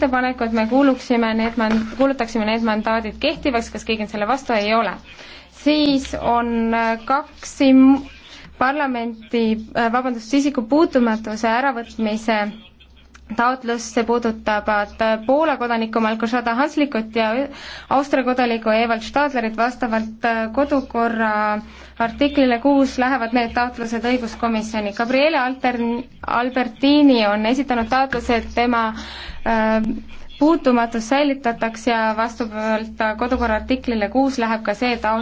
ettepaneku, et me kuuluksime need man-, kuulutaksime need mandaadid kehtivaks, kas keegi on selle vastu, ei ole. siis on äh, kaks parlamenti, äh, vabandust, isiku puutumatuse äravõtmise taotlus, see puudutavad Poola kodanikku Malko Šada Hanslikut ja Austria kodanikku Evald Stadlerit, vastavalt äh, kodukorra artiklile kuus lähevad need taotlused õiguskomisjoni. Gabriele Alter-, Albertini on esitanud taotluse, et tema äh, puutumatus säilitataks ja vastavalt äh, kodukorra artiklile kuus läheb ka see taotlus